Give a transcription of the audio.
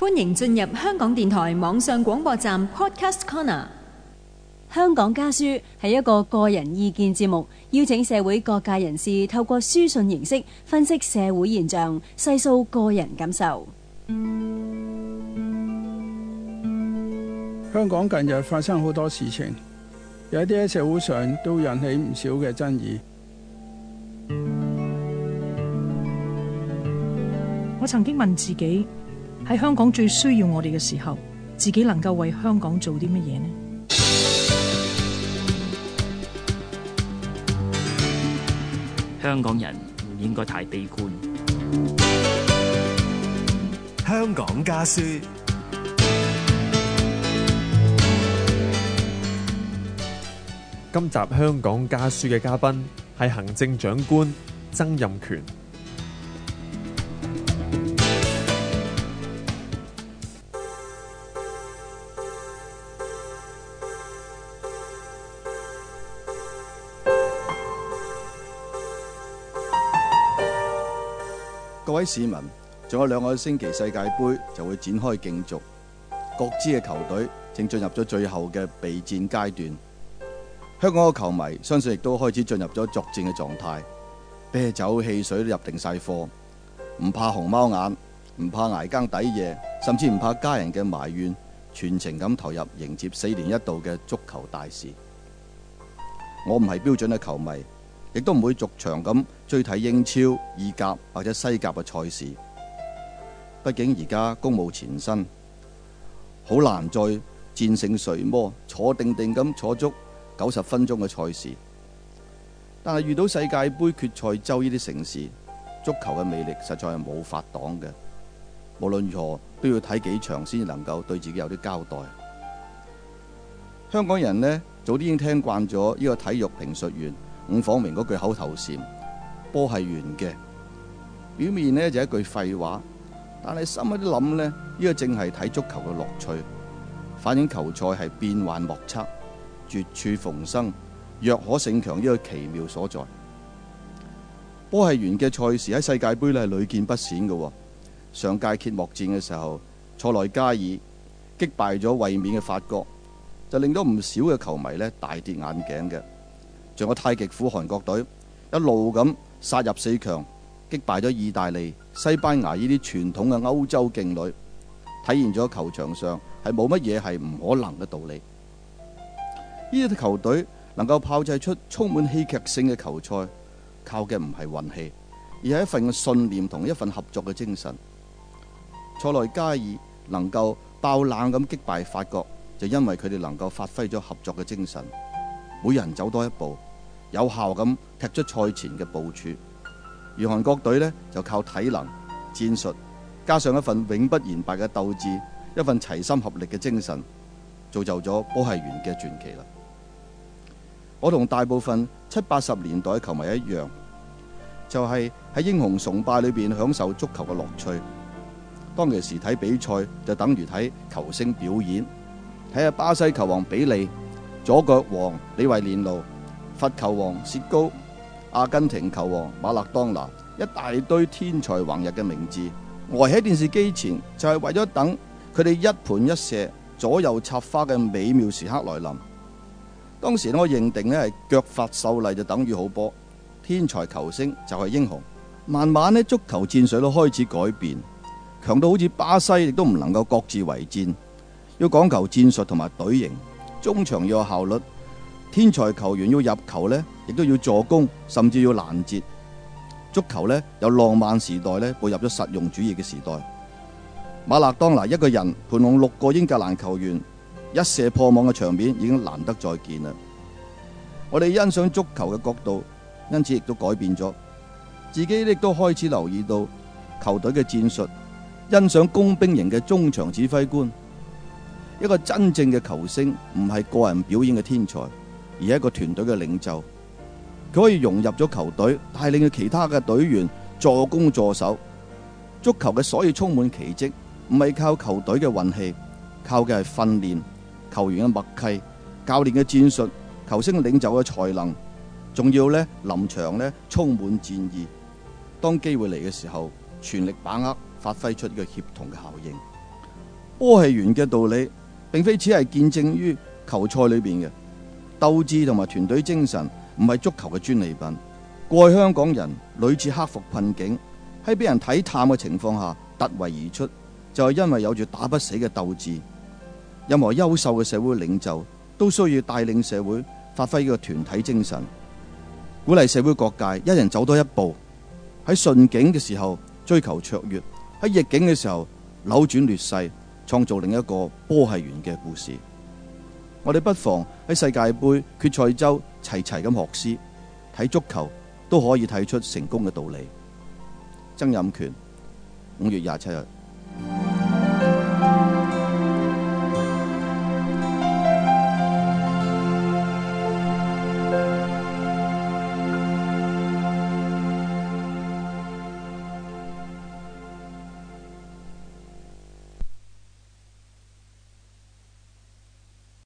歡迎進入香港電台網上廣播站 Podcast Corner。香港家書係一個個人意見節目，邀請社會各界人士透過書信形式分析社會現象，細數個人感受。香港近日發生好多事情，有啲喺社會上都引起唔少嘅爭議。我曾經問自己。喺香港最需要我哋嘅時候，自己能夠為香港做啲乜嘢呢？香港人唔應該太悲觀。香港家書，今集香港家書嘅嘉賓係行政長官曾蔭權。各位市民，仲有兩個星期世界盃就會展開競逐，各支嘅球隊正進入咗最後嘅備戰階段。香港嘅球迷相信亦都開始進入咗作戰嘅狀態，啤酒、汽水都入定晒貨，唔怕熊貓眼，唔怕挨更抵夜，甚至唔怕家人嘅埋怨，全程咁投入迎接四年一度嘅足球大事。我唔係標準嘅球迷。亦都唔會逐場咁追睇英超、意甲或者西甲嘅賽事，畢竟而家公務纏身，好難再戰勝睡魔，坐定定咁坐足九十分鐘嘅賽事。但係遇到世界盃決賽周呢啲盛事，足球嘅魅力實在係冇法擋嘅。無論如何，都要睇幾場先能夠對自己有啲交代。香港人呢，早啲已經聽慣咗呢個體育評述員伍晃榮嗰句口頭禪：波係圓嘅，表面咧，就一句廢話，但係心一諗咧，呢、呢個正係睇足球嘅樂趣，反映球賽係變幻莫測、絕處逢生、弱可勝強呢個奇妙所在。波係圓嘅賽事喺世界盃咧係屢見不鮮嘅、哦。上屆揭幕戰嘅時候，塞內加爾擊敗咗衛冕嘅法國，就令到唔少嘅球迷咧大跌眼鏡嘅。仲有太極虎韓國隊一路咁殺入四強，擊敗咗意大利、西班牙呢啲傳統嘅歐洲勁旅，體現咗球場上係冇乜嘢係唔可能嘅道理。呢啲球隊能夠炮製出充滿戲劇性嘅球賽，靠嘅唔係運氣，而係一份信念同一份合作嘅精神。塞內加爾能夠爆冷咁擊敗法國，就因為佢哋能夠發揮咗合作嘅精神，每人走多一步。有效咁踢出賽前嘅部署，而韓國隊呢，就靠體能、戰術，加上一份永不言敗嘅鬥志，一份齊心合力嘅精神，造就咗波係圓嘅傳奇啦。我同大部分七八十年代嘅球迷一樣，就係、是、喺英雄崇拜裏邊享受足球嘅樂趣。當其時睇比賽就等於睇球星表演，睇下巴西球王比利、左腳王李維連奴。法球王、薛高、阿根廷球王馬勒當拿，一大堆天才橫溢嘅名字，呆喺電視機前就係、是、為咗等佢哋一盤一射、左右插花嘅美妙時刻來臨。當時我認定呢係腳法秀麗就等於好波，天才球星就係英雄。慢慢呢，足球戰術都開始改變，強到好似巴西亦都唔能夠各自為戰，要講求戰術同埋隊形，中場要有效率。天才球員要入球呢，亦都要助攻，甚至要攔截。足球呢，由浪漫時代呢，步入咗實用主義嘅時代。馬勒當拿一個人盤控六個英格蘭球員一射破網嘅場面已經難得再見啦。我哋欣賞足球嘅角度，因此亦都改變咗。自己亦都開始留意到球隊嘅戰術，欣賞工兵型嘅中場指揮官。一個真正嘅球星唔係個人表演嘅天才。而係一個團隊嘅領袖，佢可以融入咗球隊，帶領佢其他嘅隊員助攻助手。足球嘅所以充滿奇蹟，唔係靠球隊嘅運氣，靠嘅係訓練、球員嘅默契、教練嘅戰術、球星領袖嘅才能，仲要呢臨場呢充滿戰意。當機會嚟嘅時候，全力把握，發揮出一個協同嘅效應。波係圓嘅道理，並非只係見證於球賽裏邊嘅。鬥志同埋團隊精神唔係足球嘅專利品，過去香港人屢次克服困境，喺俾人睇淡嘅情況下突圍而出，就係、是、因為有住打不死嘅鬥志。任何優秀嘅社會領袖都需要帶領社會發揮呢個團體精神，鼓勵社會各界一人走多一步，喺順境嘅時候追求卓越，喺逆境嘅時候扭轉劣勢，創造另一個波係圓嘅故事。我哋不妨喺世界盃決賽周齊齊咁學詩，睇足球都可以睇出成功嘅道理。曾蔭權五月廿七日。